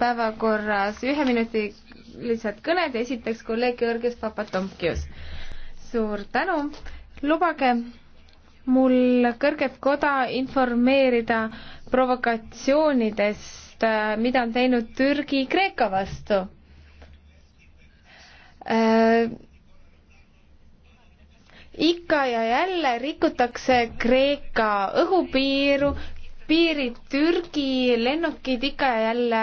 päevakorras üheminutilised kõned ja esiteks kolleeg Georgios Papatomkius. suur tänu, lubage mul kõrget koda informeerida provokatsioonidest, mida on teinud Türgi Kreeka vastu äh, ikka ja jälle rikutakse Kreeka õhupiiru, piirid Türgi lennukid ikka ja jälle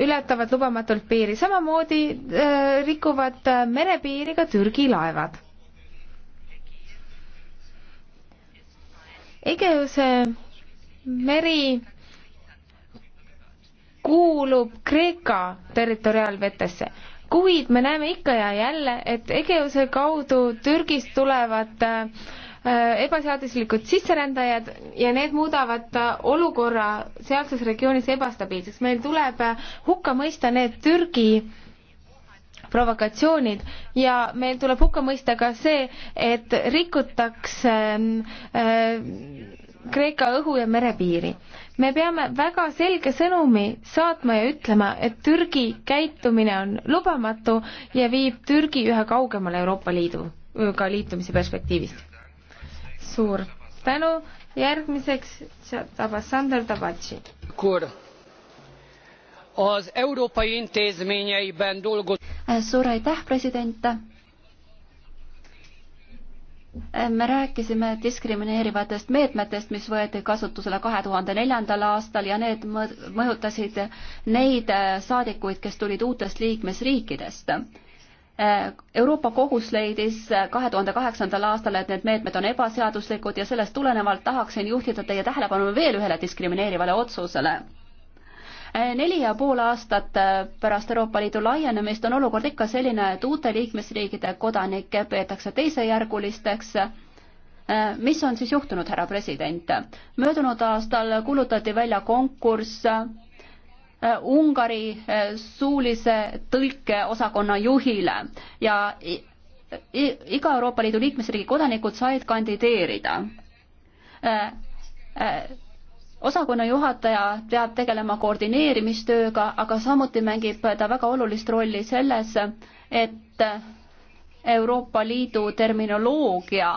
ületavad lubamatult piiri, samamoodi äh, rikuvad äh, merepiiri ka Türgi laevad. Egeuse meri kuulub Kreeka territoriaalvetesse, kuid me näeme ikka ja jälle, et Egeuse kaudu Türgist tulevad äh, Äh, ebaseaduslikud sisserändajad ja need muudavad äh, olukorra sealses regioonis ebastabiilseks. meil tuleb äh, hukka mõista need Türgi provokatsioonid ja meil tuleb hukka mõista ka see, et rikutakse ähm, Kreeka õhu- ja merepiiri. me peame väga selge sõnumi saatma ja ütlema, et Türgi käitumine on lubamatu ja viib Türgi üha kaugemale Euroopa Liiduga liitumise perspektiivist suur tänu, järgmiseks saab Assander Tabatši. suur aitäh, president me rääkisime diskrimineerivatest meetmetest, mis võeti kasutusele kahe tuhande neljandal aastal ja need mõjutasid neid saadikuid, kes tulid uutest liikmesriikidest Euroopa Kohus leidis kahe tuhande kaheksandal aastal, et need meetmed on ebaseaduslikud ja sellest tulenevalt tahaksin juhtida teie tähelepanu veel ühele diskrimineerivale otsusele. neli ja pool aastat pärast Euroopa Liidu laienemist on olukord ikka selline, et uute liikmesriikide kodanikke peetakse teisejärgulisteks mis on siis juhtunud, härra president? möödunud aastal kuulutati välja konkurss Äh, ungari äh, suulise tõlkeosakonna juhile ja iga Euroopa Liidu liikmesriigi kodanikud said kandideerida. Äh, osakonna juhataja peab tegelema koordineerimistööga, aga samuti mängib ta väga olulist rolli selles, et Euroopa Liidu terminoloogia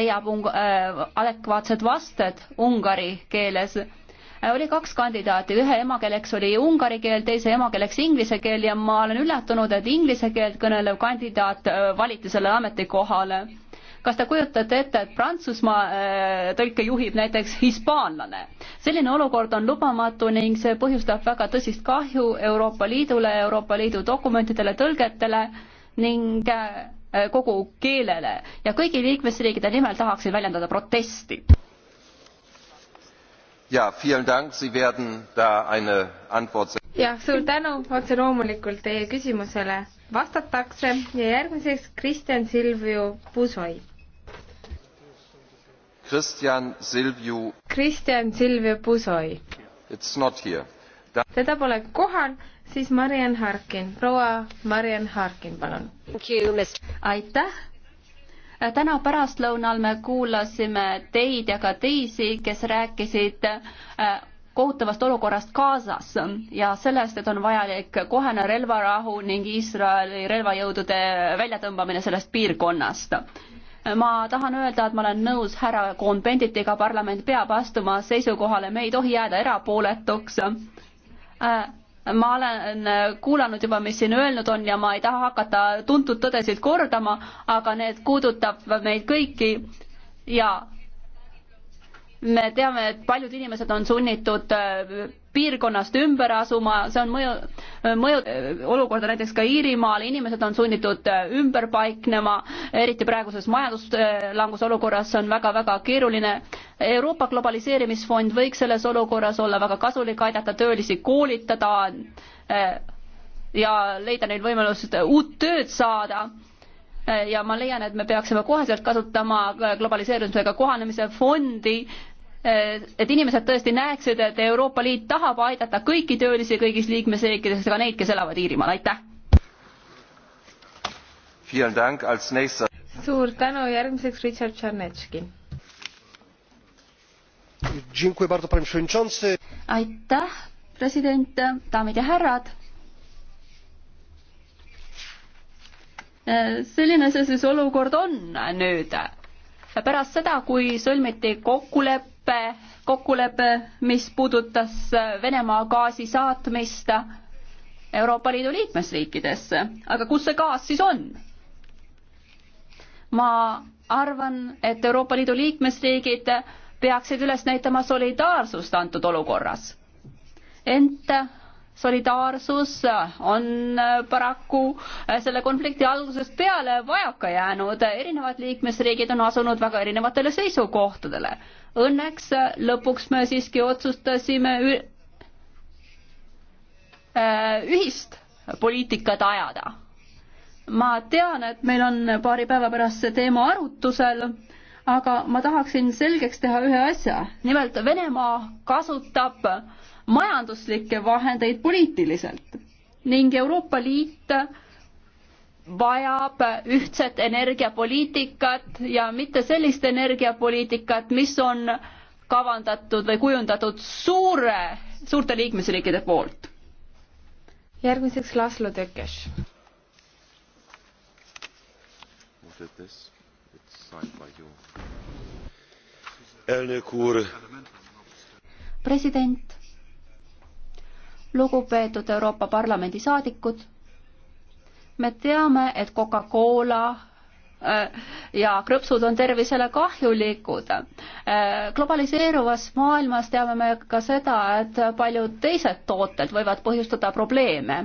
leiab adekvaatsed vasted ungari keeles Äh, oli kaks kandidaati, ühe emakeeleks oli ungari keel, teise emakeeleks inglise keel ja ma olen üllatunud, et inglise keelt kõnelev kandidaat äh, valiti sellele ametikohale. kas te kujutate ette, et Prantsusmaa äh, tõlke juhib näiteks hispaanlane? selline olukord on lubamatu ning see põhjustab väga tõsist kahju Euroopa Liidule, Euroopa Liidu dokumentidele, tõlgetele ning kogu keelele ja kõigi liikmesriikide nimel tahaksin väljendada protesti. Ja, Dank, Sie werden da eine Antwort jah, suur tänu, otse loomulikult teie küsimusele vastatakse ja järgmiseks Kristjan Silvio Pusoi. Kristjan Silvio. Kristjan Silvio Pusoi. It's not here da.... teda pole kohal, siis Mariann Harkin, proua Mariann Harkin, palun. aitäh täna pärastlõunal me kuulasime teid ja ka teisi, kes rääkisid äh, kohutavast olukorrast Gazas ja sellest, et on vajalik kohene relvarahu ning Iisraeli relvajõudude väljatõmbamine sellest piirkonnast. ma tahan öelda, et ma olen nõus härra Cohn-Benditiga, parlament peab astuma seisukohale, me ei tohi jääda erapooletuks äh, ma olen äh, kuulanud juba, mis siin öelnud on ja ma ei taha hakata tuntud tõdesid kordama, aga need puudutab meid kõiki ja me teame, et paljud inimesed on sunnitud äh, piirkonnast ümber asuma, see on mõju, mõju olukorda näiteks ka Iirimaal, inimesed on sunnitud äh, ümber paiknema, eriti praeguses majanduslanguse äh, olukorras, see on väga-väga keeruline. Euroopa Globaliseerimisfond võiks selles olukorras olla väga kasulik, aidata töölisi koolitada äh, ja leida neil võimalust uut tööd saada ja ma leian, et me peaksime koheselt kasutama globaliseerumisega kohanemise fondi Äh, et inimesed tõesti näeksid, et Euroopa Liit tahab aidata kõiki töölisi kõigis liikmesriikides, ka neid, kes elavad Iirimaal, aitäh! suur tänu, järgmiseks Richard Tšernetški. aitäh, president, daamid ja härrad äh, selline see siis olukord on nüüd pärast seda, kui sõlmiti kokkulepe, kokkulepe, mis puudutas Venemaa gaasi saatmist Euroopa Liidu liikmesriikidesse. aga kus see gaas siis on? ma arvan, et Euroopa Liidu liikmesriigid peaksid üles näitama solidaarsust antud olukorras. ent solidaarsus on paraku selle konflikti algusest peale vajaka jäänud, erinevad liikmesriigid on asunud väga erinevatele seisukohtadele. Õnneks lõpuks me siiski otsustasime äh, ühist poliitikat ajada. ma tean, et meil on paari päeva pärast see teema arutusel aga ma tahaksin selgeks teha ühe asja. nimelt Venemaa kasutab majanduslikke vahendeid poliitiliselt ning Euroopa Liit vajab ühtset energiapoliitikat ja mitte sellist energiapoliitikat, mis on kavandatud või kujundatud suure, suurte liikmesriikide poolt. järgmiseks Laslo Tökes. elnök úr. president lugupeetud Euroopa Parlamendi saadikud, me teame, et Coca-Cola äh, ja krõpsud on tervisele kahjulikud. Äh, globaliseeruvas maailmas teame me ka seda, et paljud teised tooted võivad põhjustada probleeme.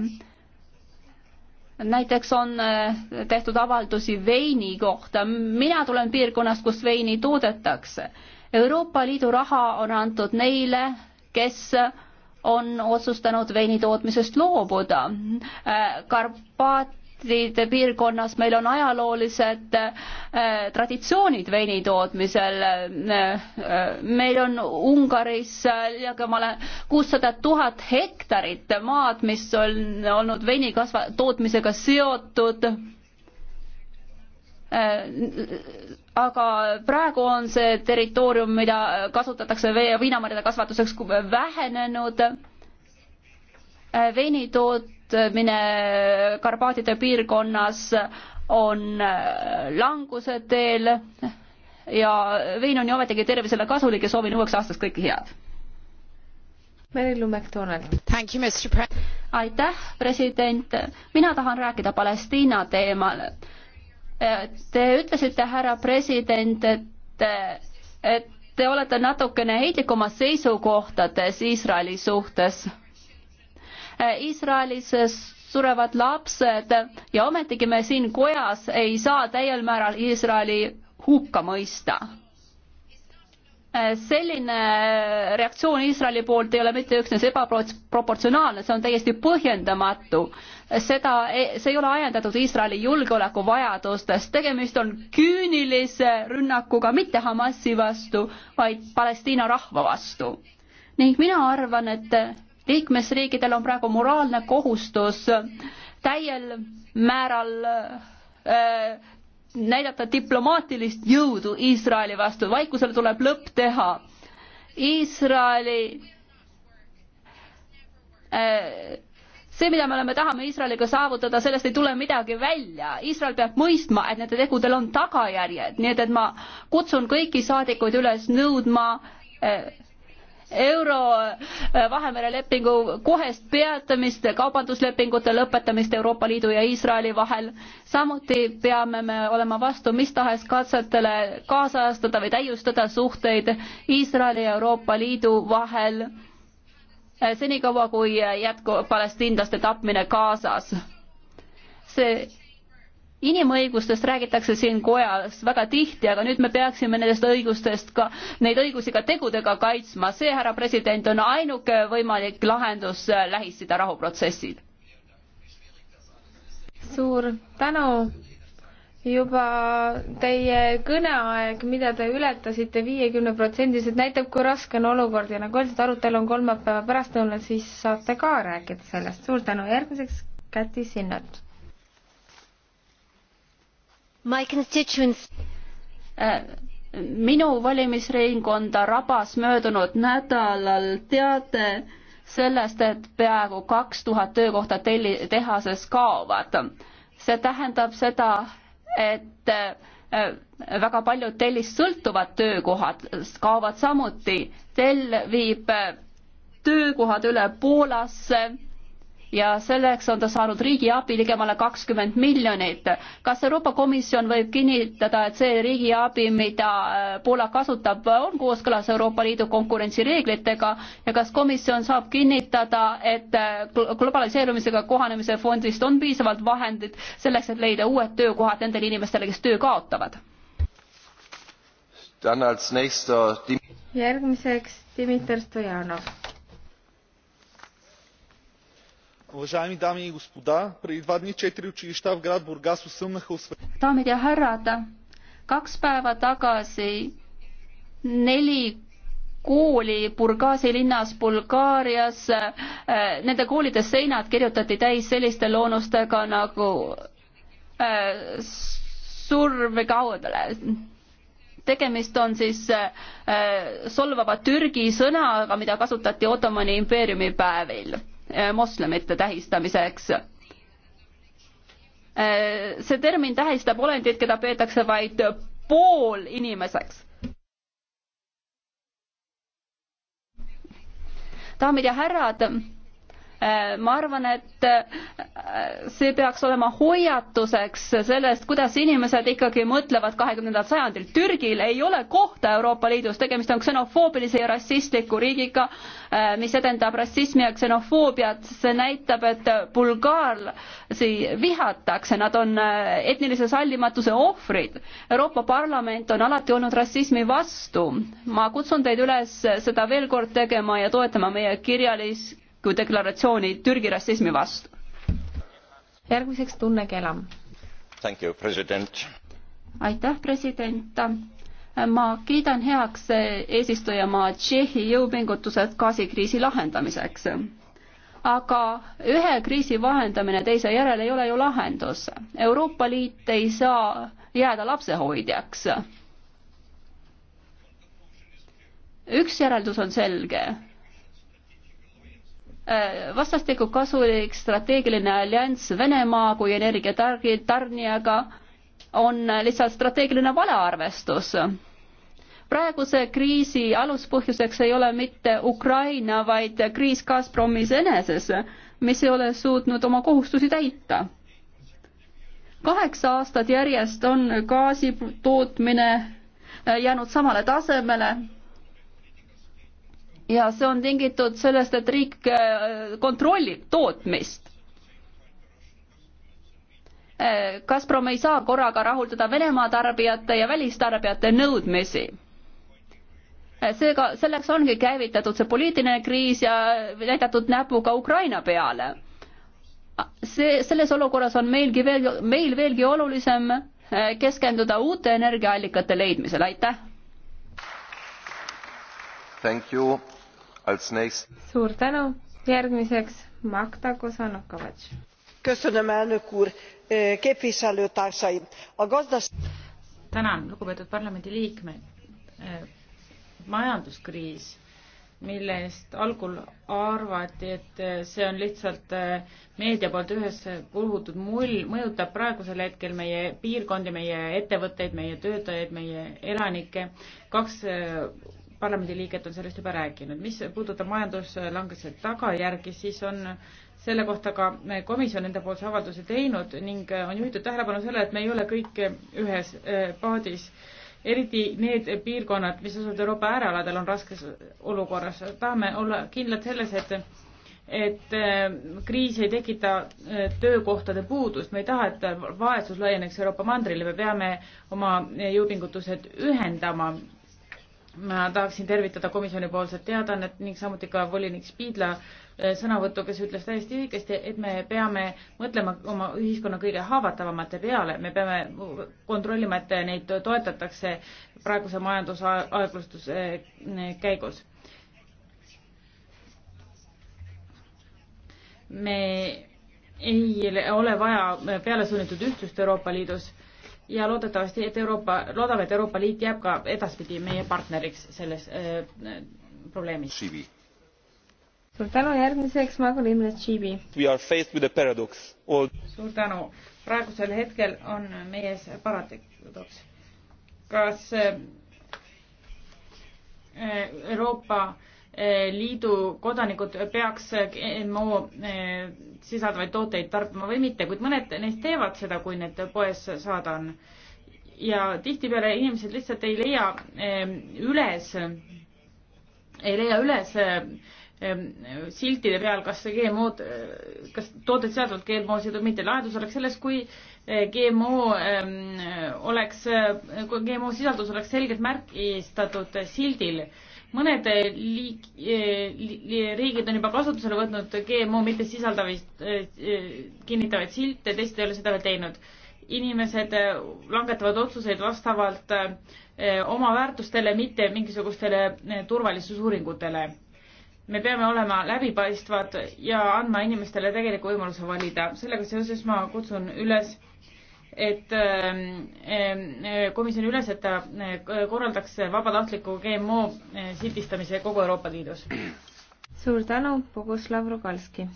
näiteks on äh, tehtud avaldusi veini kohta, mina tulen piirkonnast, kus veini toodetakse. Euroopa Liidu raha on antud neile, kes on otsustanud veinitootmisest loobuda. Karpaatide piirkonnas meil on ajaloolised äh, traditsioonid veinitootmisel. meil on Ungaris ligemale äh, kuussada tuhat hektarit maad, mis on olnud veini kasva-, tootmisega seotud Äh, aga praegu on see territoorium, mida kasutatakse vee ja viinamarjade kasvatuseks, vähenenud. Äh, veini tootmine Karpaatide piirkonnas on äh, languse teel ja vein on ju ometigi tervisele kasulik ja soovin uueks aastaks kõike head. Merilu McDonald. aitäh, president. mina tahan rääkida Palestiina teemal Te ütlesite, härra president, et, et te olete natukene heitlik oma seisukohtades Iisraeli suhtes. Iisraelis surevad lapsed ja ometigi me siin kojas ei saa täiel määral Iisraeli hukka mõista. selline reaktsioon Iisraeli poolt ei ole mitte üksnes ebaproportsionaalne, see on täiesti põhjendamatu seda, see ei ole ajendatud Iisraeli julgeolekuvajadustest, tegemist on küünilise rünnakuga mitte Hamasi vastu, vaid Palestiina rahva vastu. ning mina arvan, et liikmesriikidel on praegu moraalne kohustus täiel määral äh, näidata diplomaatilist jõudu Iisraeli vastu, vaikusele tuleb lõpp teha. Iisraeli äh, see, mida me oleme, tahame Iisraeliga saavutada, sellest ei tule midagi välja. Iisrael peab mõistma, et nende tegudel on tagajärjed, nii et, et ma kutsun kõiki saadikuid üles nõudma eh, euro eh, Vahemere lepingu kohest peatamist, kaubanduslepingute lõpetamist Euroopa Liidu ja Iisraeli vahel. samuti peame me olema vastu mis tahes katsetele kaasajastada või täiustada suhteid Iisraeli ja Euroopa Liidu vahel Eh, senikaua, kui eh, jätkub palestiinlaste tapmine Gazas. see inimõigustest räägitakse siin kojas väga tihti, aga nüüd me peaksime nendest õigustest ka, neid õigusi ka tegudega kaitsma. see, härra president, on ainuke võimalik lahendus eh, Lähis-Ida rahuprotsessil. suur tänu juba teie kõneaeg, mida te ületasite viiekümne protsendiliselt, näitab, kui raske on olukord ja nagu öeldud, arutelu on kolmapäeva pärastlõunal, siis saate ka rääkida sellest. suur tänu, järgmiseks Käti Sinnat. My constituents äh, minu valimisringkonda rabas möödunud nädalal teade sellest, et peaaegu kaks tuhat töökohta telli-, tehases kaovad. see tähendab seda, et äh, väga paljud tellist sõltuvad töökohad kaovad samuti. Tell viib äh, töökohad üle Poolasse ja selleks on ta saanud riigiabi ligemale kakskümmend miljonit. kas Euroopa Komisjon võib kinnitada, et see riigiabi, mida äh, Poola kasutab, on kooskõlas Euroopa Liidu konkurentsireeglitega ja kas komisjon saab kinnitada, et äh, globaliseerumisega kohanemise fondist on piisavalt vahendid selleks, et leida uued töökohad nendele inimestele, kes töö kaotavad? järgmiseks Dimitar Stojanov уважаеми дами и господа, преди два дни четири училища в град Бургас осъмнаха осветлени. Дамид ja härrad, kaks päeva tagasi neli kooli Burgasi linnas Bulgaarias, äh, nende koolide seinad kirjutati täis selliste loonustega nagu äh, surve kaudale. tegemist on siis äh, solvava Türgi sõnaga, mida kasutati Ottomani impeeriumi päevil Äh, moslemite tähistamiseks. Äh, see termin tähistab olendit, keda peetakse vaid pool inimeseks. daamid ja härrad Äh, ma arvan, et äh, see peaks olema hoiatuseks sellest, kuidas inimesed ikkagi mõtlevad kahekümnendal sajandil. Türgil ei ole kohta Euroopa Liidus, tegemist on ksenofoobilise ja rassistliku riigiga, äh, mis edendab rassismi ja ksenofoobiat. see näitab, et bulgaarlasi vihatakse, nad on etnilise sallimatuse ohvrid. Euroopa Parlament on alati olnud rassismi vastu. ma kutsun teid üles seda veel kord tegema ja toetama meie kirjalis, kui deklaratsiooni Türgi rassismi vastu. järgmiseks Tunne Kelam. aitäh, president ma kiidan heaks eesistujamaa Tšehhi jõupingutused gaasikriisi lahendamiseks. aga ühe kriisi vahendamine teise järel ei ole ju lahendus. Euroopa Liit ei saa jääda lapsehoidjaks. üks järeldus on selge Äh, vastastikku kasulik strateegiline allianss Venemaa kui energiatarnijaga on lihtsalt strateegiline valearvestus. praeguse kriisi aluspõhjuseks ei ole mitte Ukraina, vaid kriis Gazpromis eneses, mis ei ole suutnud oma kohustusi täita. kaheksa aastat järjest on gaasi tootmine jäänud samale tasemele ja see on tingitud sellest, et riik äh, kontrollib tootmist. Äh, Gazprom ei saa korraga rahuldada Venemaa tarbijate ja välistarbijate nõudmisi. Äh, seega selleks ongi käivitatud see poliitiline kriis ja näidatud näpuga Ukraina peale. see, selles olukorras on meilgi veel, meil veelgi olulisem keskenduda uute energiaallikate leidmisele, aitäh! Thank you suur tänu, järgmiseks Magda Kozanokovatš. tänan, lugupeetud parlamendiliikmed. majanduskriis millest algul arvati, et see on lihtsalt meedia poolt ühes puhutud mull, mõjutab praegusel hetkel meie piirkondi, meie ettevõtteid, meie töötajaid, meie elanikke. kaks parlamendiliiget on sellest juba rääkinud. mis puudutab majanduslanguse tagajärgi, siis on selle kohta ka komisjon endapoolse avalduse teinud ning on juhitud tähelepanu sellele, et me ei ole kõik ühes äh, paadis. eriti need piirkonnad, mis asuvad Euroopa äärealadel, on raskes olukorras. tahame olla kindlad selles, et et äh, kriis ei tekita äh, töökohtade puudust, me ei taha, et vaesus laieneks Euroopa mandrile, me peame oma jõupingutused ühendama ma tahaksin tervitada komisjonipoolset teadannet ning samuti ka volinik Spiidla eh, sõnavõttu, kes ütles täiesti õigesti, et me peame mõtlema oma ühiskonna kõige haavatavamate peale, me peame kontrollima, et neid toetatakse praeguse majanduse aeglustuse eh, käigus. me ei ole vaja pealesunnitud ühtsust Euroopa Liidus ja loodetavasti, et Euroopa, loodame, et Euroopa Liit jääb ka edaspidi meie partneriks selles äh, probleemis. suur tänu, järgmiseks Margo Limnes, Tšiibi. suur tänu, praegusel hetkel on meie ees paradoks. kas äh, Euroopa äh, liidu kodanikud peaks GMO eh, sisaldavaid tooteid tarbima või mitte, kuid mõned neist teevad seda, kui need poes saada on. ja tihtipeale inimesed lihtsalt ei leia eh, üles, ei leia üles eh, siltide peal, kas GMO-d, kas tooted sisaldavad GMO-sid või mitte. lahendus oleks selles, kui GMO oleks, kui GMO sisaldus oleks selgelt märgistatud sildil mõned eh, liik- eh, li,, li, riigid on juba kasutusele võtnud GMO mitte sisaldavaid eh, kinnitavaid silte, teised ei ole seda veel teinud. inimesed langetavad otsuseid vastavalt oma väärtustele, mitte mingisugustele turvalisusuuringutele. me peame olema läbipaistvad ja andma inimestele tegeliku võimaluse valida. sellega seoses ma kutsun üles et ähm, ähm, komisjoni üles, et ta äh, korraldaks vabatahtliku GMO äh, sildistamise kogu Euroopa Liidus. suur tänu, Boguslav Rugalski.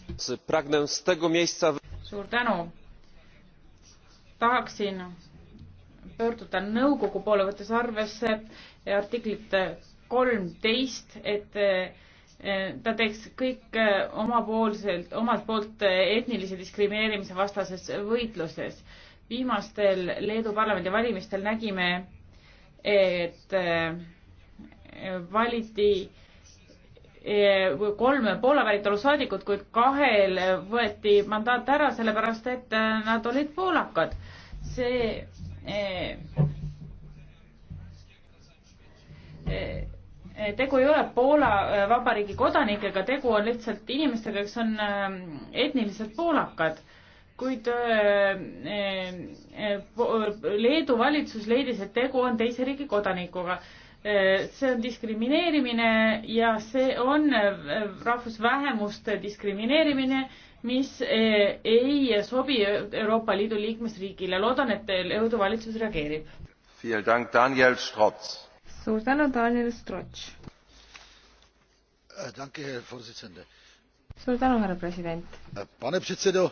suur tänu. tahaksin pöörduda nõukogu poole, võttes arvesse äh, artiklit kolmteist, et ta teeks kõik omapoolselt, omalt poolt etnilise diskrimineerimise vastases võitluses viimastel Leedu parlamendivalimistel nägime, et äh, valiti äh, kolm Poola päritolu saadikut, kuid kahel võeti mandaat ära, sellepärast et äh, nad olid poolakad. see tegu ei ole Poola Vabariigi kodanikega, tegu on lihtsalt inimestega, kes on etniliselt poolakad kuid äh, äh, äh, Leedu valitsus leidis, et tegu on teise riigi kodanikuga. see on diskrimineerimine ja see on rahvusvähemuste diskrimineerimine, mis ei sobi Euroopa Liidu liikmesriigile. loodan, et Leedu valitsus reageerib. suur tänu, Daniel Strotš. suur tänu, härra president. pane, president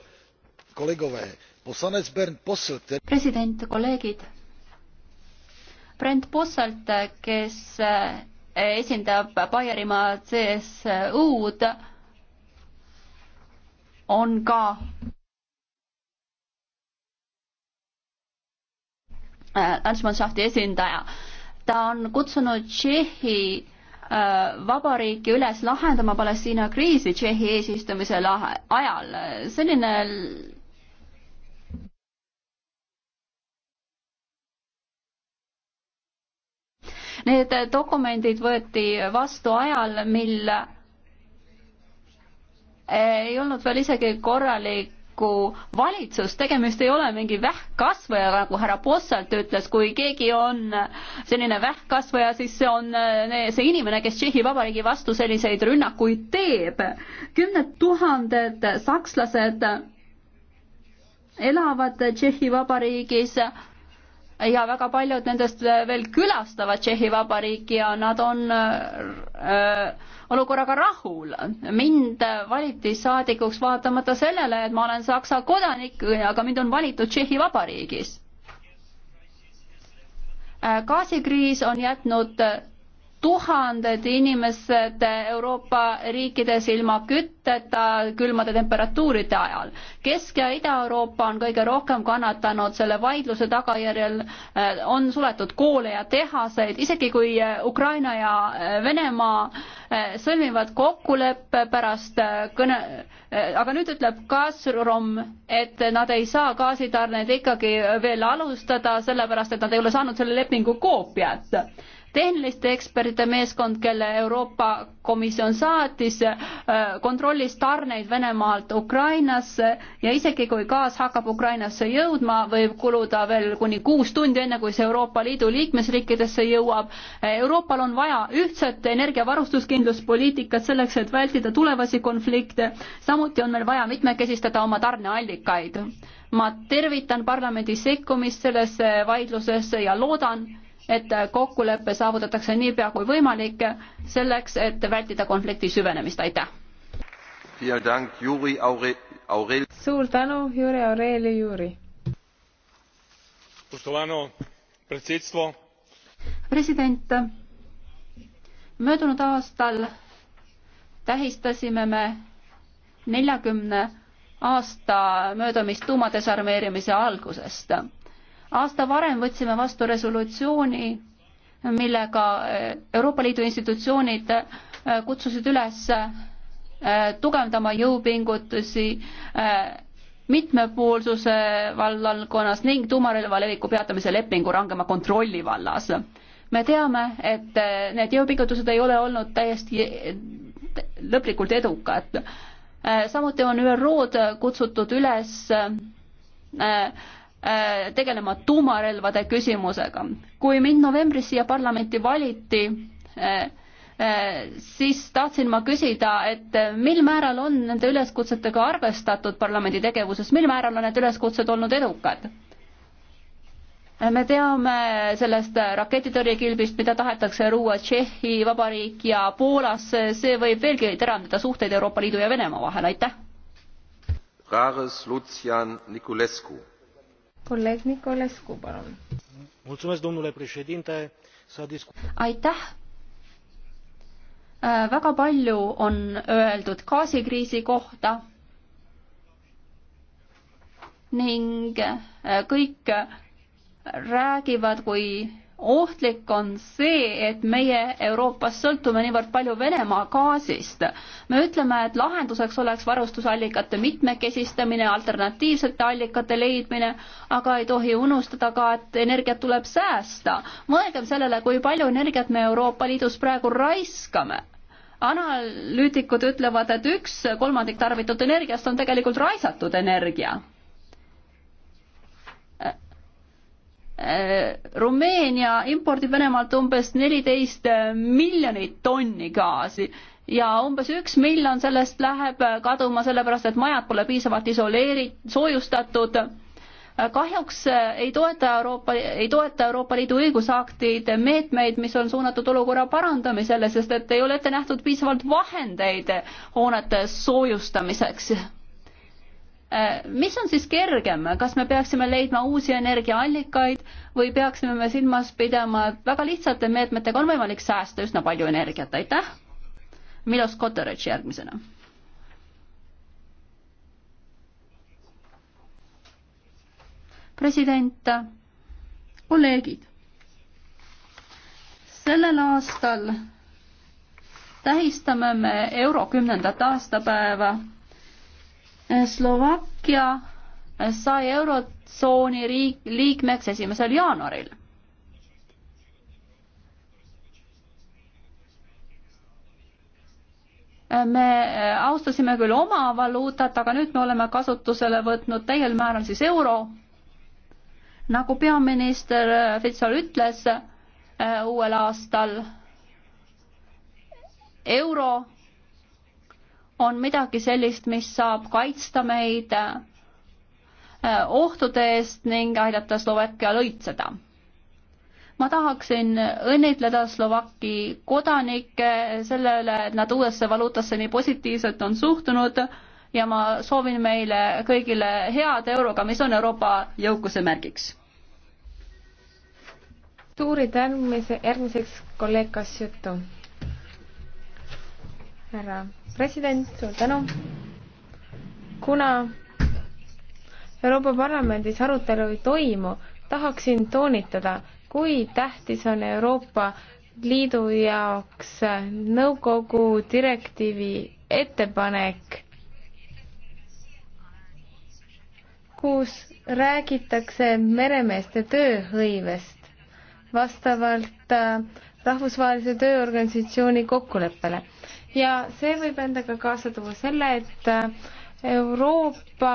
president, kolleegid. Brent Posselt, kes eh, esindab Baierimaa CSU-d, on ka Landsmannschafti eh, esindaja. ta on kutsunud Tšehhi eh, vabariiki üles lahendama Palestiina kriisi Tšehhi eesistumise ajal. selline Need dokumendid võeti vastu ajal, mil ei olnud veel isegi korralik kokku valitsus, tegemist ei ole mingi vähkkasvaja, nagu härra Possalt ütles, kui keegi on selline vähkkasvaja, siis see on see inimene, kes Tšehhi Vabariigi vastu selliseid rünnakuid teeb. kümned tuhanded sakslased elavad Tšehhi Vabariigis ja väga paljud nendest veel külastavad Tšehhi Vabariiki ja nad on äh, olukorraga rahul. mind valiti saadikuks vaatamata sellele, et ma olen Saksa kodanik, aga mind on valitud Tšehhi Vabariigis. Äh, gaasikriis on jätnud tuhanded inimesed Euroopa riikides ilma kütteta külmade temperatuuride ajal. Kesk- ja Ida-Euroopa on kõige rohkem kannatanud selle vaidluse tagajärjel, äh, on suletud koole ja tehaseid, isegi kui äh, Ukraina ja äh, Venemaa sõlmivad kokkuleppe pärast kõne, aga nüüd ütleb Gazprom, et nad ei saa gaasitarneid ikkagi veel alustada, sellepärast et nad ei ole saanud selle lepingu koopiat tehniliste ekspertide meeskond, kelle Euroopa Komisjon saatis, äh, kontrollis tarneid Venemaalt Ukrainasse ja isegi kui gaas hakkab Ukrainasse jõudma, võib kuluda veel kuni kuus tundi, enne kui see Euroopa Liidu liikmesriikidesse jõuab. Euroopal on vaja ühtset energiavarustuskindluspoliitikat selleks, et vältida tulevasi konflikte. samuti on meil vaja mitmekesistada oma tarneallikaid ma tervitan parlamendi sekkumist sellesse vaidlusesse ja loodan, et kokkulepe saavutatakse niipea kui võimalik, selleks et vältida konflikti süvenemist, aitäh. suur tänu, Jüri Aureli Jüri. president, möödunud aastal tähistasime me neljakümne aasta möödumist tuumadesarmeerimise algusest aasta varem võtsime vastu resolutsiooni, millega eh, Euroopa Liidu institutsioonid eh, kutsusid üles eh, tugevdama jõupingutusi mitmepoolsuse vallalkonnas ning tuumarelva leviku peatamise lepingu rangema kontrolli vallas. me teame, et need jõupingutused ei ole olnud täiesti lõplikult edukad. samuti on ÜRO-d kutsutud üles Äh, tegelema tuumarelvade küsimusega. kui mind novembris siia parlamenti valiti, äh, äh, siis tahtsin ma küsida, et mil määral on nende üleskutsetega arvestatud parlamendi tegevuses, mil määral on need üleskutsed olnud edukad? me teame sellest raketitõrjekilbist, mida tahetakse luua Tšehhi Vabariik ja Poolas, see võib veelgi teravdada suhteid Euroopa Liidu ja Venemaa vahel, aitäh! Rares Lucian Niculescu kolleeg Nicolescu, palun. aitäh. Äh, väga palju on öeldud gaasikriisi kohta ning äh, kõik räägivad, kui ohtlik on see, et meie Euroopas sõltume niivõrd palju Venemaa gaasist. me ütleme, et lahenduseks oleks varustusallikate mitmekesistamine, alternatiivsete allikate leidmine, aga ei tohi unustada ka, et energiat tuleb säästa. mõelgem sellele, kui palju energiat me Euroopa Liidus praegu raiskame analüütikud ütlevad, et üks kolmandik tarbitud energiast on tegelikult raisatud energia Äh, Rumeenia impordib Venemaalt umbes neliteist äh, miljonit tonni gaasi ja umbes üks miljon sellest läheb äh, kaduma sellepärast, et majad pole piisavalt isoleeri-, soojustatud. kahjuks ei toeta Euroopa, ei toeta Euroopa Liidu õigusaktid meetmeid, mis on suunatud olukorra parandamisele, sest et ei ole ette nähtud piisavalt vahendeid hoonete soojustamiseks Äh, mis on siis kergem, kas me peaksime leidma uusi energiaallikaid või peaksime me silmas pidama, et väga lihtsate meetmetega on võimalik säästa üsna palju energiat, aitäh. Milos Kotoretš järgmisena. president, kolleegid, sellel aastal tähistame me euro kümnendat aastapäeva Slovakkia sai eurotsooni riik, liikmeks esimesel jaanuaril. me austasime küll oma valuutat, aga nüüd me oleme kasutusele võtnud täiel määral siis euro. nagu peaminister Fitsal ütles eh, uuel aastal, euro on midagi sellist, mis saab kaitsta meid äh, ohtude eest ning aidata Slovakkial õitseda. ma tahaksin õnnitleda Slovakki kodanikke selle üle, et nad uuesse valuutasse nii positiivselt on suhtunud ja ma soovin meile kõigile head euroga, mis on Euroopa jõukuse märgiks. tuurid järgmise, järgmiseks kolleeg Kassiutu härra president, suur tänu. kuna Euroopa Parlamendis arutelu ei toimu, tahaksin toonitada, kui tähtis on Euroopa Liidu jaoks nõukogu direktiivi ettepanek, kus räägitakse meremeeste tööhõivest vastavalt äh, Rahvusvahelise Tööorganisatsiooni kokkuleppele ja see võib endaga kaasa tuua selle, et äh, Euroopa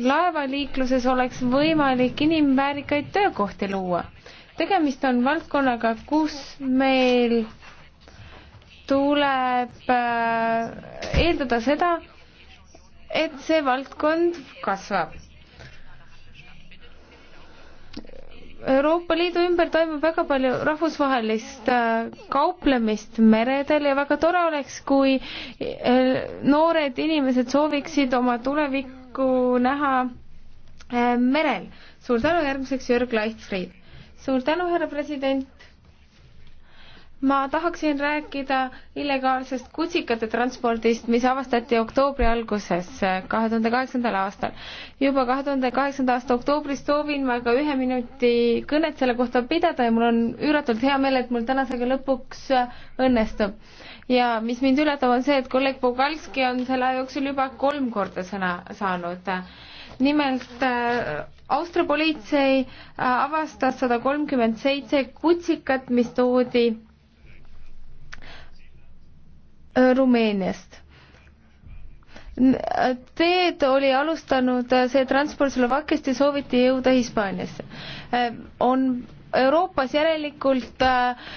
laevaliikluses oleks võimalik inimväärikaid töökohti luua. tegemist on valdkonnaga, kus meil tuleb äh, eeldada seda, et see valdkond kasvab Euroopa Liidu ümber toimub väga palju rahvusvahelist äh, kauplemist meredel ja väga tore oleks, kui äh, noored inimesed sooviksid oma tulevikku näha äh, merel. suur tänu, järgmiseks Jörg Leichtfried. suur tänu, härra president ma tahaksin rääkida illegaalsest kutsikate transpordist, mis avastati oktoobri alguses, kahe tuhande kaheksandal aastal. juba kahe tuhande kaheksanda aasta oktoobris soovin ma ka ühe minuti kõnet selle kohta pidada ja mul on üüratult hea meel, et mul tänasega lõpuks eh, õnnestub. ja mis mind üllatab, on see, et kolleeg Pugalski on selle aja jooksul juba kolm korda sõna saanud. nimelt eh, Austria politsei eh, avastas sada kolmkümmend seitse kutsikat, mis toodi Rumeeniast. teed oli alustanud see transport Slovakkiast ja sooviti jõuda Hispaaniasse. Äh, on Euroopas järelikult äh,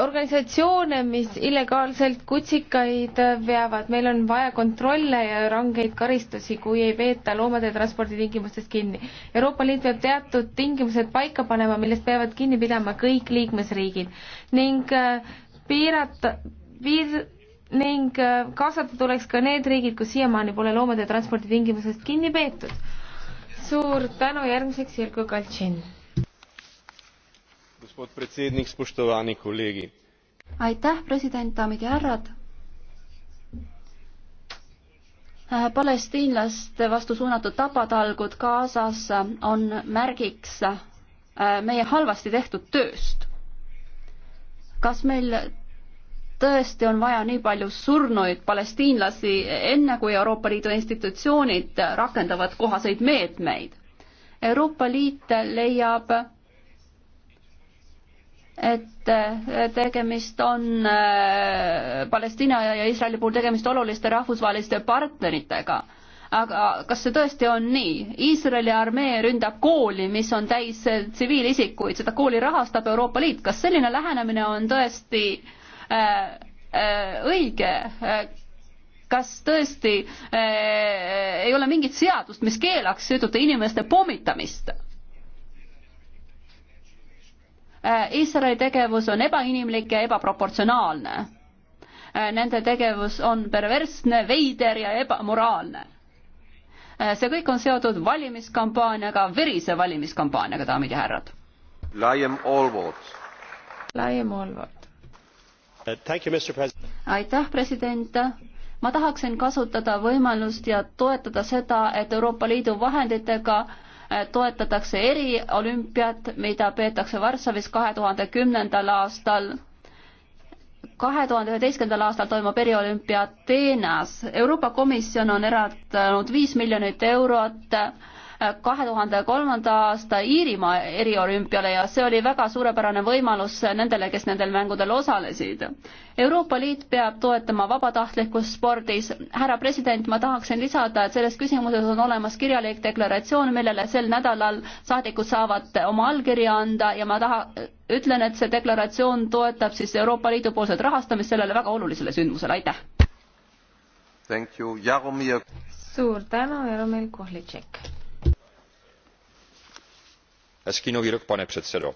organisatsioone, mis illegaalselt kutsikaid äh, veavad, meil on vaja kontrolle ja rangeid karistusi, kui ei peeta loomade transporditingimustest kinni. Euroopa Liit peab teatud tingimused paika panema, millest peavad kinni pidama kõik liikmesriigid ning piirata, piir, ning äh, kaasatud oleks ka need riigid, kus siiamaani pole loomade transpordi tingimusest kinni peetud. suur tänu, järgmiseks Jirko Kaltšin. aitäh, president, daamid ja härrad äh, palestiinlaste vastu suunatud tapatalgud Gazas on märgiks äh, meie halvasti tehtud tööst. kas meil tõesti on vaja nii palju surnuid palestiinlasi, enne kui Euroopa Liidu institutsioonid rakendavad kohaseid meetmeid. Euroopa Liit leiab, et tegemist on äh, Palestiina ja Iisraeli puhul tegemist oluliste rahvusvaheliste partneritega aga kas see tõesti on nii? Iisraeli armee ründab kooli, mis on täis tsiviilisikuid, seda kooli rahastab Euroopa Liit, kas selline lähenemine on tõesti äh, Äh, äh, õige? Äh, kas tõesti ei ole mingit seadust, mis keelaks süütute inimeste pommitamist? Iisraeli tegevus on ebainimlik ja ebaproportsionaalne. Nende tegevus on perversne, veider ja ebamoraalne. see kõik on seotud valimiskampaaniaga, verise valimiskampaaniaga, daamid ja härrad. laiem olvot. laiem olvot aitäh, president. ma tahaksin kasutada võimalust ja toetada seda, et Euroopa Liidu vahenditega äh, toetatakse eriolümpiat, mida peetakse Varssavis kahe tuhande kümnendal aastal kahe tuhande üheteistkümnendal aastal toimub eriolümpia Ateenas. Euroopa Komisjon on eraldanud viis miljonit eurot kahe tuhande kolmanda aasta Iirimaa eriolümpiale ja see oli väga suurepärane võimalus nendele, kes nendel mängudel osalesid. Euroopa Liit peab toetama vabatahtlikkust spordis. härra president, ma tahaksin lisada, et selles küsimuses on olemas kirjalik deklaratsioon, millele sel nädalal saadikud saavad oma allkirja anda ja ma taha, ütlen, et see deklaratsioon toetab siis Euroopa Liidu poolset rahastamist sellele väga olulisele sündmusele, aitäh! suur tänu, Jaromir Kohlitšek! hezký nový rok pane předsedo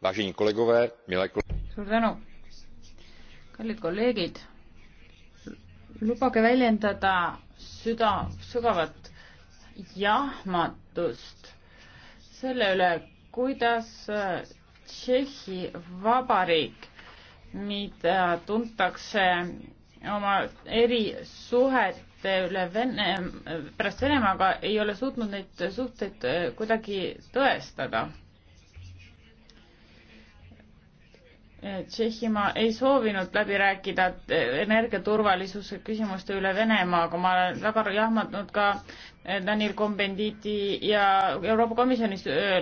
vážení kolegové milé kolegyně. lubage väljendada süda sügavat jahmatust selle üle kuidas äh, tšehhi vabariik mida tuntakse oma erisuhete üle Vene, pärast Venemaaga ei ole suutnud neid suhteid äh, kuidagi tõestada. Tšehhimaa ei soovinud läbi rääkida äh, energiaturvalisuse küsimuste üle Venemaaga, ma olen väga jahmatanud ka äh, Daniel Combenditi ja Euroopa Komisjoni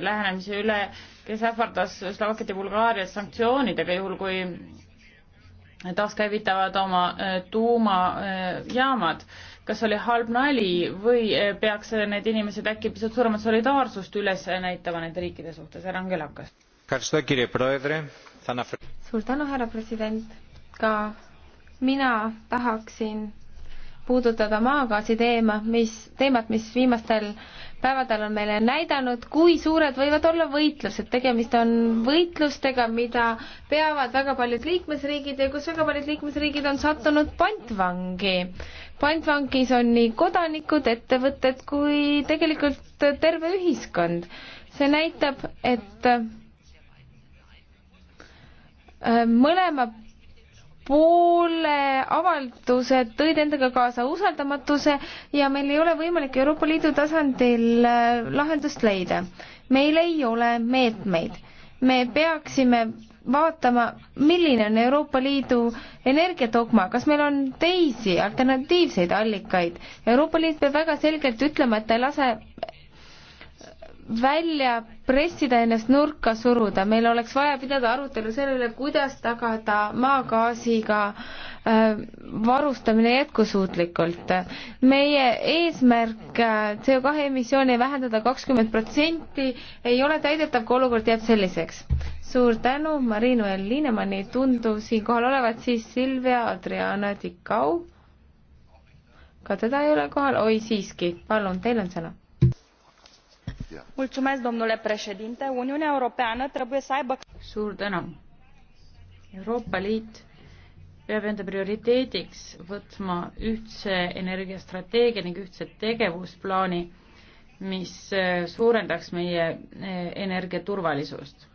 lähenemise üle, kes ähvardas Slovakkiat ja Bulgaariat sanktsioonidega, juhul kui taaskäivitavad oma äh, tuumajaamad. kas oli halb nali või äh, peaks need inimesed äkki pisut suuremat solidaarsust üles äh, näitama nende riikide suhtes? härra Angelakas. suur tänu, härra president. ka mina tahaksin puudutada maagaasi teema, mis, teemat, mis viimastel päevadel on meile näidanud, kui suured võivad olla võitlused, tegemist on võitlustega, mida peavad väga paljud liikmesriigid ja kus väga paljud liikmesriigid on sattunud pantvangi. pantvangis on nii kodanikud, ettevõtted kui tegelikult terve ühiskond. see näitab, et äh, mõlema poole avaldused tõid endaga kaasa usaldamatuse ja meil ei ole võimalik Euroopa Liidu tasandil äh, lahendust leida. meil ei ole meetmeid. me peaksime vaatama, milline on Euroopa Liidu energiadogma, kas meil on teisi alternatiivseid allikaid. Euroopa Liit peab väga selgelt ütlema, et ta ei lase välja pressida, ennast nurka suruda, meil oleks vaja pidada arutelu selle üle, kuidas tagada maagaasiga äh, varustamine jätkusuutlikult. meie eesmärk äh, CO2 emissiooni vähendada kakskümmend protsenti ei ole täidetav, kui olukord jääb selliseks. suur tänu, Marin-Noel Liinemann ei tundu siinkohal olevat, siis Silvia Adriana Tikau. ka teda ei ole kohal, oi siiski, palun, teil on sõna uniunea europeană trebuie să aibă. suur tänu euroopa liit peab enda prioriteediks võtma ühtse energiastrateegia ning ühtse tegevusplaani mis äh, suurendaks meie äh, energiaturvalisust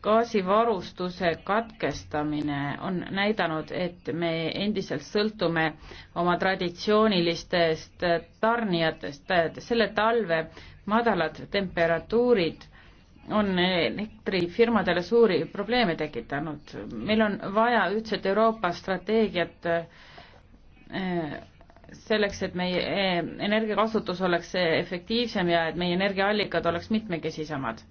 gaasivarustuse katkestamine on näidanud, et me endiselt sõltume oma traditsioonilistest tarnijatest. selle talve madalad temperatuurid on elektrifirmadele suuri probleeme tekitanud. meil on vaja ühtset Euroopa strateegiat eh, selleks, et meie eh, energiakasutus oleks efektiivsem ja et meie energiaallikad oleks mitmekesisemad.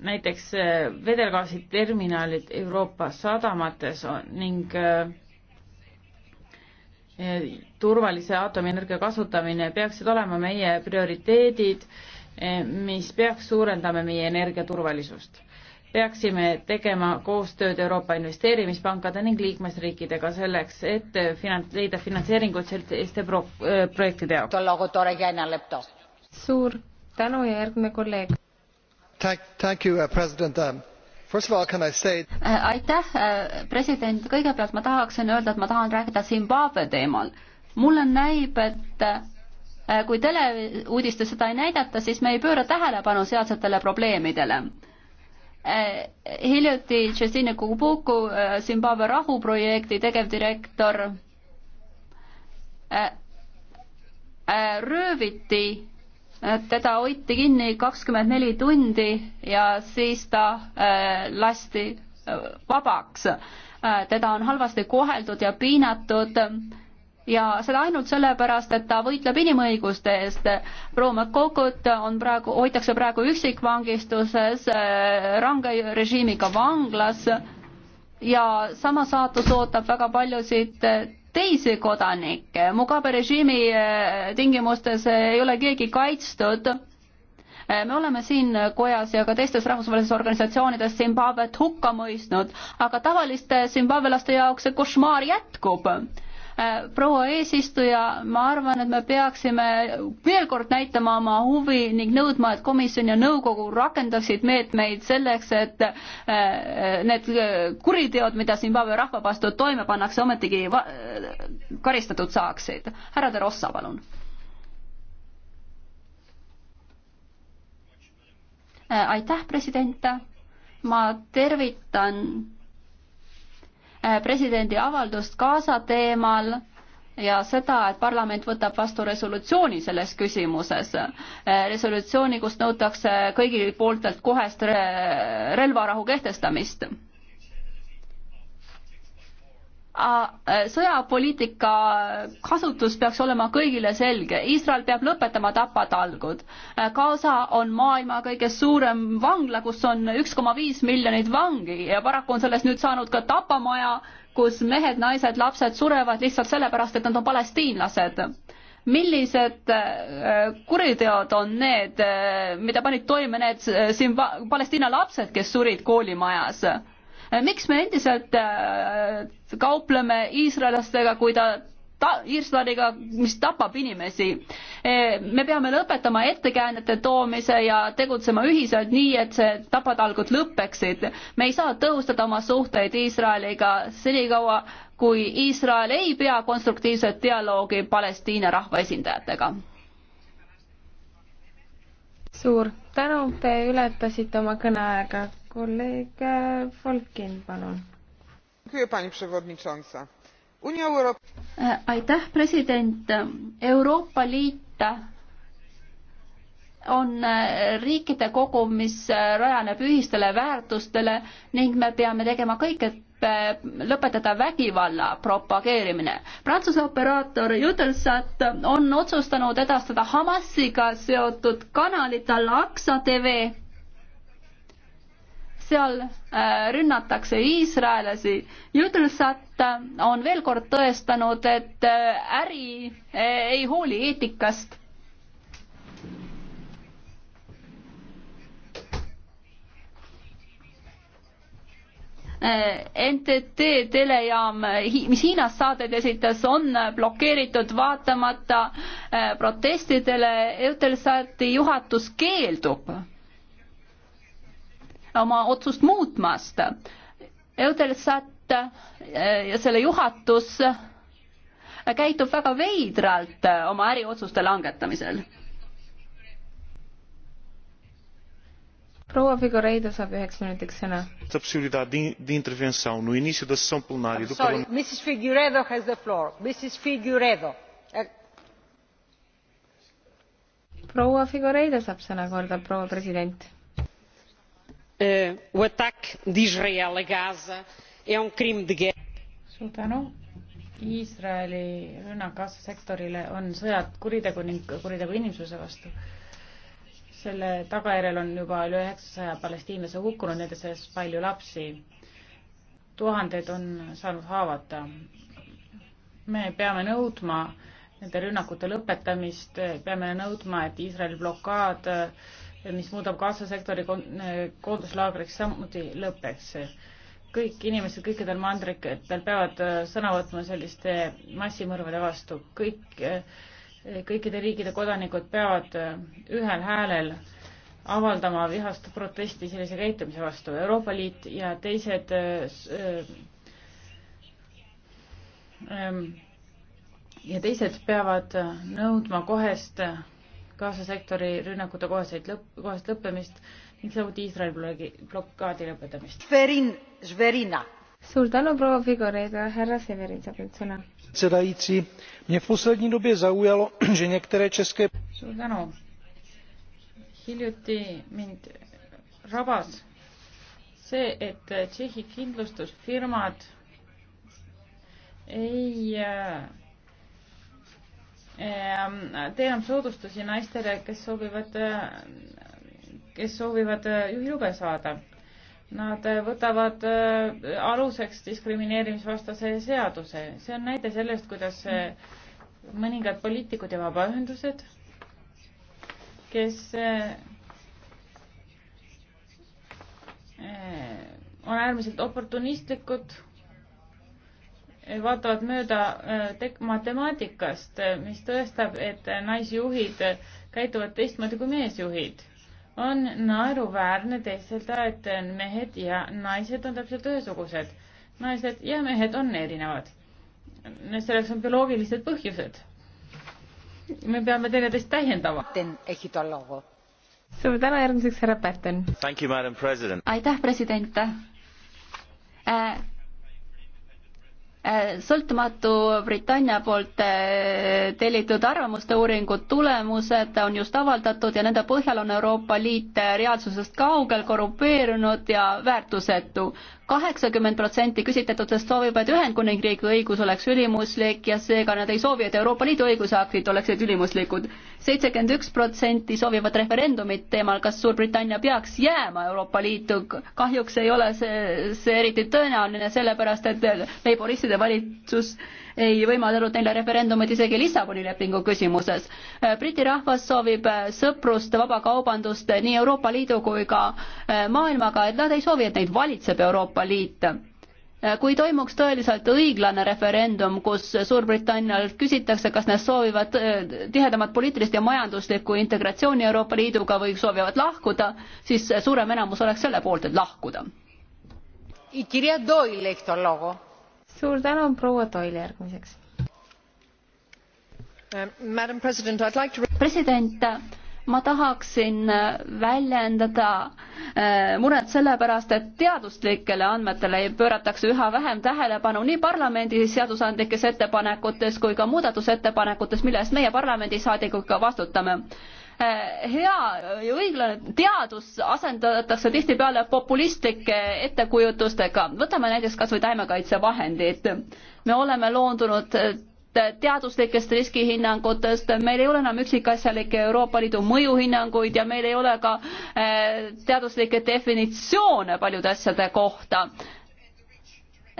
näiteks eh, vedelgaasiterminalid Euroopa sadamates on, ning Eh, turvalise aatomienergia kasutamine peaksid olema meie prioriteedid, eh, mis peaks suurendama meie energiaturvalisust. peaksime tegema koostööd Euroopa investeerimispankade ning liikmesriikidega selleks, et finants, leida finantseeringut selliste pro-, eh, projektide jaoks. suur tänu ja järgmine kolleeg. Thank you, uh, president um, Äh, aitäh, äh, president, kõigepealt ma tahaksin öelda, et ma tahan rääkida Zimbabwe teemal. mulle näib, et äh, kui teleuudistes seda ei näidata, siis me ei pööra tähelepanu sealsetele probleemidele. hiljuti Justine Kubuku, Zimbabwe rahuprojekti tegevdirektor, rööviti teda hoiti kinni kakskümmend neli tundi ja siis ta äh, lasti äh, vabaks. Äh, teda on halvasti koheldud ja piinatud ja seda ainult sellepärast, et ta võitleb inimõiguste eest. Roma Kokut on praegu, hoitakse praegu üksikvangistuses, range režiimiga vanglas ja sama saatus ootab väga paljusid teisi kodanikke. Mugabe režiimi eh, tingimustes eh, ei ole keegi kaitstud. Eh, me oleme siin kojas ja ka teistes rahvusvahelises organisatsioonides Zimbabwet hukka mõistnud, aga tavaliste zimbabwelaste jaoks see košmaar jätkub Äh, proua eesistuja, ma arvan, et me peaksime veel kord näitama oma huvi ning nõudma, et komisjon ja nõukogu rakendaksid meetmeid selleks, et äh, need äh, kuriteod, mida Zimbabwe rahva vastu toime pannakse, ometigi karistatud saaksid. härra De Rossa, palun aitäh, president. ma tervitan Äh, presidendi avaldust Gaza teemal ja seda, et parlament võtab vastu resolutsiooni selles küsimuses. Äh, resolutsiooni, kus nõutakse kõigi pooltelt kohest relvarahu kehtestamist E, sõjapoliitika kasutus peaks olema kõigile selge. Iisrael peab lõpetama tapatalgud. E, Gaza on maailma kõige suurem vangla, kus on üks koma viis miljonit vangi ja paraku on sellest nüüd saanud ka tapamaja, kus mehed, naised, lapsed surevad lihtsalt sellepärast, et nad on palestiinlased. millised e, kuriteod on need, mida panid toime need siin Palestiina lapsed, kes surid koolimajas? miks me endiselt äh, kaupleme iisraellastega, kui ta ta-, Irslandiga, mis tapab inimesi. E, me peame lõpetama ettekäänete toomise ja tegutsema ühiselt nii, et see tapatalgud lõpeksid. me ei saa tõhustada oma suhteid Iisraeliga senikaua, kui Iisrael ei pea konstruktiivset dialoogi Palestiina rahvaesindajatega. suur tänu, te ületasite oma kõneaega kolleeg äh, Volkin, palun. Äh, aitäh, president. Euroopa Liit on äh, riikide kogum, mis rajaneb ühistele väärtustele ning me peame tegema kõik, et lõpetada vägivalla propageerimine. Prantsuse operaator Jütelsat on otsustanud edastada Hamasiga seotud kanalit Al-Aqsa TV seal äh, rünnatakse iisraelasi. Jüdelsat on veel kord tõestanud, et äh, äri äh, ei hooli eetikast. NTT telejaam, mis Hiinas saadet esitas, on blokeeritud vaatamata protestidele. Eutelsati juhatus keeldub oma otsust muutmast. Eutelsat eh, ja selle juhatus eh, käitub väga veidralt eh, oma äriotsuste langetamisel. proua Figueiredo saab üheks minutiks sõna. a possibilidade de, de intervenção no início da sessão plenária do Sorry, Mrs Figueiredo has the floor. Mrs Figueiredo. proua Figueiredo saab sõna korda, proua president Eh, o ataque de Israel a Gaza é um crime de guerra. suur tänu. Iisraeli rünnak Gaza sektorile on sõjad kuritegu ning kuritegu inimsuse vastu. selle tagajärjel on juba üle üheksasaja palestiinlase hukkunud, nende seas palju lapsi. tuhanded on saanud haavata. me peame nõudma nende rünnakute lõpetamist, peame nõudma, et Iisraeli blokaad äh, mis muudab Gaza sektori koonduslaagriks, samuti lõpeks. kõik inimesed kõikidel mandritel peavad äh, sõna võtma selliste massimõrvade vastu, kõik, äh, kõikide riikide kodanikud peavad äh, ühel häälel avaldama vihast protesti sellise käitumise vastu. Euroopa Liit ja teised ähm, ja teised peavad nõudma kohest Gaza sektori rünnakute koheseid lõpp, kohest lõppemist ning samuti Iisraeli blokaadi lõpetamist. suur tänu, proua Figureda, härra Severin saab nüüd sõna. suur tänu. hiljuti mind rabas see, et Tšehhi kindlustusfirmad ei äh, Ehm, teeme soodustusi naistele, kes soovivad, eh, kes soovivad eh, juhilube saada. Nad eh, võtavad aluseks diskrimineerimisvastase seaduse. see on näide sellest, kuidas mõningad poliitikud ja vabaühendused, kes on äärmiselt oportunistlikud vaatavad mööda äh, matemaatikast, äh, mis tõestab, et äh, naisjuhid käituvad teistmoodi kui meesjuhid. on naeruväärne teistelda, et mehed ja naised on täpselt ühesugused. naised ja mehed on erinevad. selleks on bioloogilised põhjused. me peame teineteist täiendama. suur tänu, järgmiseks härra Pärten. aitäh, president äh, Äh, sõltumatu Britannia poolt äh, tellitud arvamuste uuringu tulemused on just avaldatud ja nende põhjal on Euroopa Liit äh, reaalsusest kaugel, korrumpeerunud ja väärtusetu kaheksakümmend protsenti küsitletutest soovib, et Ühendkuningriigi õigus oleks ülimuslik ja seega nad ei soovi, et Euroopa Liidu õigusaktid oleksid ülimuslikud. seitsekümmend üks protsenti soovivad referendumit teemal, kas Suurbritannia peaks jääma Euroopa Liitu. kahjuks ei ole see, see eriti tõenäoline, sellepärast et leiboristide valitsus äh, ei võimaldanud neile referendumit isegi Lissaboni lepingu küsimuses. Äh, Briti rahvas soovib äh, sõprust, vabakaubandust äh, nii Euroopa Liidu kui ka maailmaga, et nad ei soovi, et neid valitseb Euroopa Liit kui toimuks tõeliselt õiglane referendum, kus Suurbritannialt küsitakse, kas nad soovivad tihedamat poliitilist ja majanduslikku integratsiooni Euroopa Liiduga või soovivad lahkuda, siis suurem enamus oleks selle poolt, et lahkuda suur tänu, proua Toil järgmiseks. Uh, president, ma tahaksin uh, väljendada uh, muret sellepärast, et teaduslikele andmetele pööratakse üha vähem tähelepanu nii parlamendi seadusandlikes ettepanekutes kui ka muudatusettepanekutes, mille eest meie parlamendisaadikuga vastutame Eh, hea ja õiglane teadus asendatakse tihtipeale populistlike ettekujutustega. võtame näiteks kas või taimekaitsevahendid. me oleme loondunud eh, teaduslikest riskihinnangutest, meil ei ole enam üksikasjalikke Euroopa Liidu mõjuhinnanguid ja meil ei ole ka eh, teaduslikke definitsioone paljude asjade kohta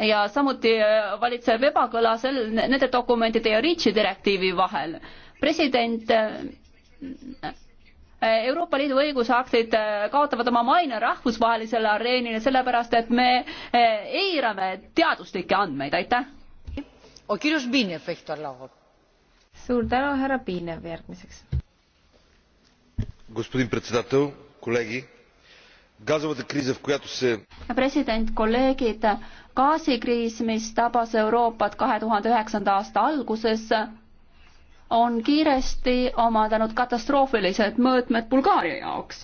ja samuti valitseb ebakõla sel, nende dokumentide ja REACH-i direktiivi vahel. president Euroopa Liidu õigusaktid äh, kaotavad oma maine rahvusvahelisele areenile sellepärast, et me äh, eirame teaduslikke andmeid, aitäh. suur tänu, härra Piinev järgmiseks. president, kolleegid, gaasikriis, mis tabas Euroopat kahe tuhande üheksanda aasta alguses on kiiresti omandanud katastroofilised mõõtmed Bulgaaria jaoks.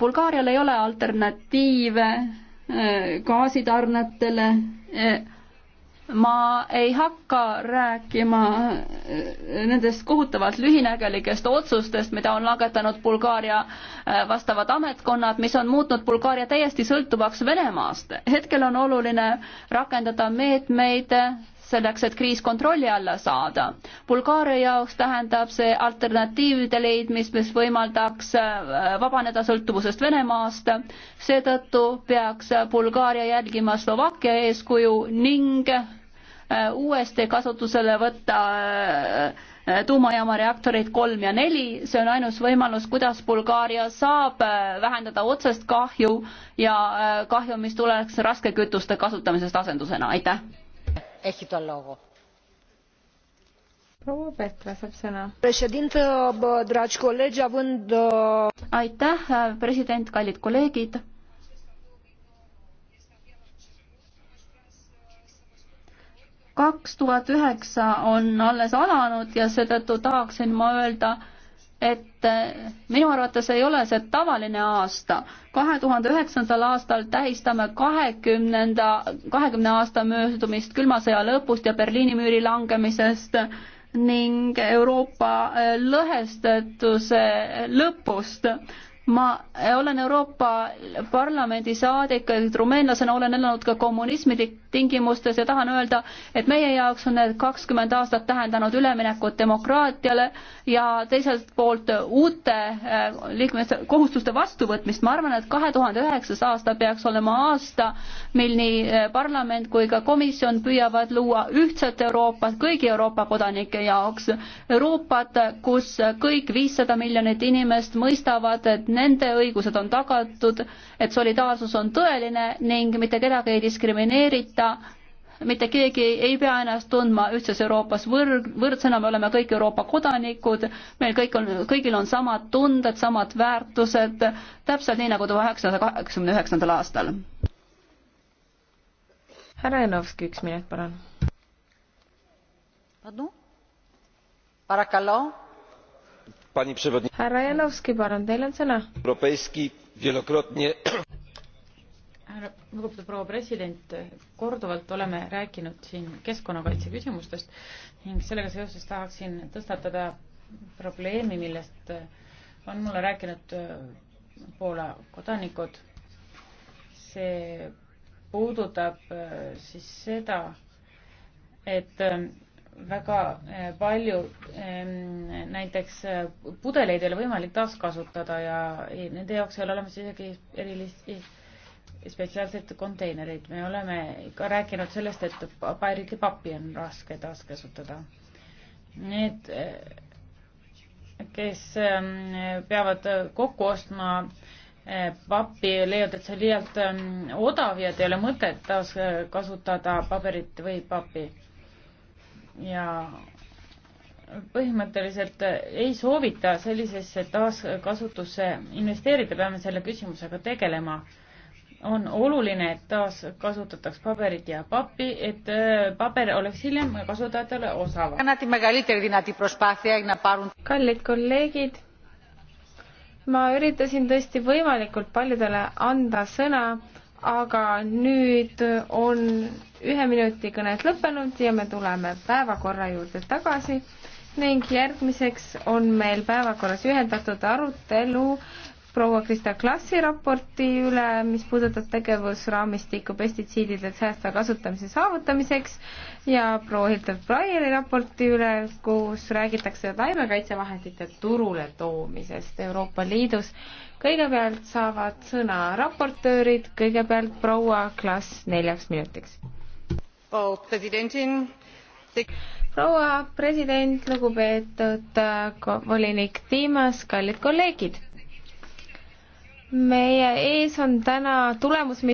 Bulgaarial ei ole alternatiive eh, gaasitarnetele. Eh, ma ei hakka rääkima eh, nendest kohutavalt lühinägelikest otsustest, mida on langetanud Bulgaaria vastavad ametkonnad, mis on muutnud Bulgaaria täiesti sõltuvaks Venemaast. hetkel on oluline rakendada meetmeid selleks, et kriis kontrolli alla saada. Bulgaaria jaoks tähendab see alternatiivide leidmist, mis võimaldaks äh, vabaneda sõltuvusest Venemaast. seetõttu peaks Bulgaaria järgima Slovakkia eeskuju ning äh, uuesti kasutusele võtta äh, tuumajaama reaktoreid kolm ja neli, see on ainus võimalus, kuidas Bulgaaria saab vähendada otsest kahju ja kahju, mis tuleks raskekütuste kasutamisest asendusena, aitäh! proua Petra saab sõna. aitäh, president, kallid kolleegid kaks tuhat üheksa on alles alanud ja seetõttu tahaksin ma öelda, et äh, minu arvates ei ole see tavaline aasta. kahe tuhande üheksandal aastal tähistame kahekümnenda, kahekümne aasta möödumist külma sõja lõpust ja Berliini müüri langemisest ning Euroopa äh, lõhestatuse lõpust ma olen Euroopa Parlamendi saadik, rumeenlasena olen elanud ka kommunismi tingimustes ja tahan öelda, et meie jaoks on need kakskümmend aastat tähendanud üleminekut demokraatiale ja teiselt poolt uute äh, liikmes-, kohustuste vastuvõtmist. ma arvan, et kahe tuhande üheksas aasta peaks olema aasta, mil nii äh, parlament kui ka komisjon püüavad luua ühtset Euroopat kõigi Euroopa kodanike jaoks. Euroopat, kus kõik viissada miljonit inimest mõistavad, et nende õigused on tagatud, et solidaarsus on tõeline ning mitte kedagi ei diskrimineerita, mitte keegi ei pea ennast tundma ühtses Euroopas võrg, võrdsena, me oleme kõik Euroopa kodanikud, meil kõik on, kõigil on samad tunded, samad väärtused, täpselt nii, nagu tuhande üheksasaja kaheksakümne üheksandal aastal. härra Janovski, üks minut, palun. Pardon? Paracallo? härra Janovski, palun, teil on sõna. lugupeetud proua president, korduvalt oleme rääkinud siin keskkonnakaitse küsimustest ning sellega seoses tahaksin tõstatada probleemi, millest on mulle rääkinud äh, Poola kodanikud. see puudutab äh, siis seda, et äh, väga eh, palju näiteks eh, pudeleid ei ole võimalik taaskasutada ja nende jaoks ei ole olemas isegi erilisi spetsiaalseid konteinereid. me oleme ka rääkinud sellest, et eriti pappi on raske taaskasutada. Need, eh, kes peavad kokku ostma pappi, leiavad, et see on liialt odav ja et ei ole mõtet taaskasutada paberit või pappi ja põhimõtteliselt ei soovita sellisesse taaskasutusse investeerida, peame selle küsimusega tegelema. on oluline, et taaskasutataks paberit ja pappi, et äh, paber oleks hiljem kasutajatele osav. kallid kolleegid, ma üritasin tõesti võimalikult paljudele anda sõna aga nüüd on ühe minuti kõned lõppenud ja me tuleme päevakorra juurde tagasi ning järgmiseks on meil päevakorras ühendatud arutelu proua Krista Klassi raporti üle, mis puudutab tegevusraamistikku pestitsiidide säästva kasutamise saavutamiseks ja proua Hilton Freieri raporti üle, kus räägitakse taimekaitsevahendite turule toomisest Euroopa Liidus. kõigepealt saavad sõna raportöörid, kõigepealt proua Klas neljaks minutiks. proua president, lugupeetud volinik Tiimas, kallid kolleegid meie ees on täna tulemus,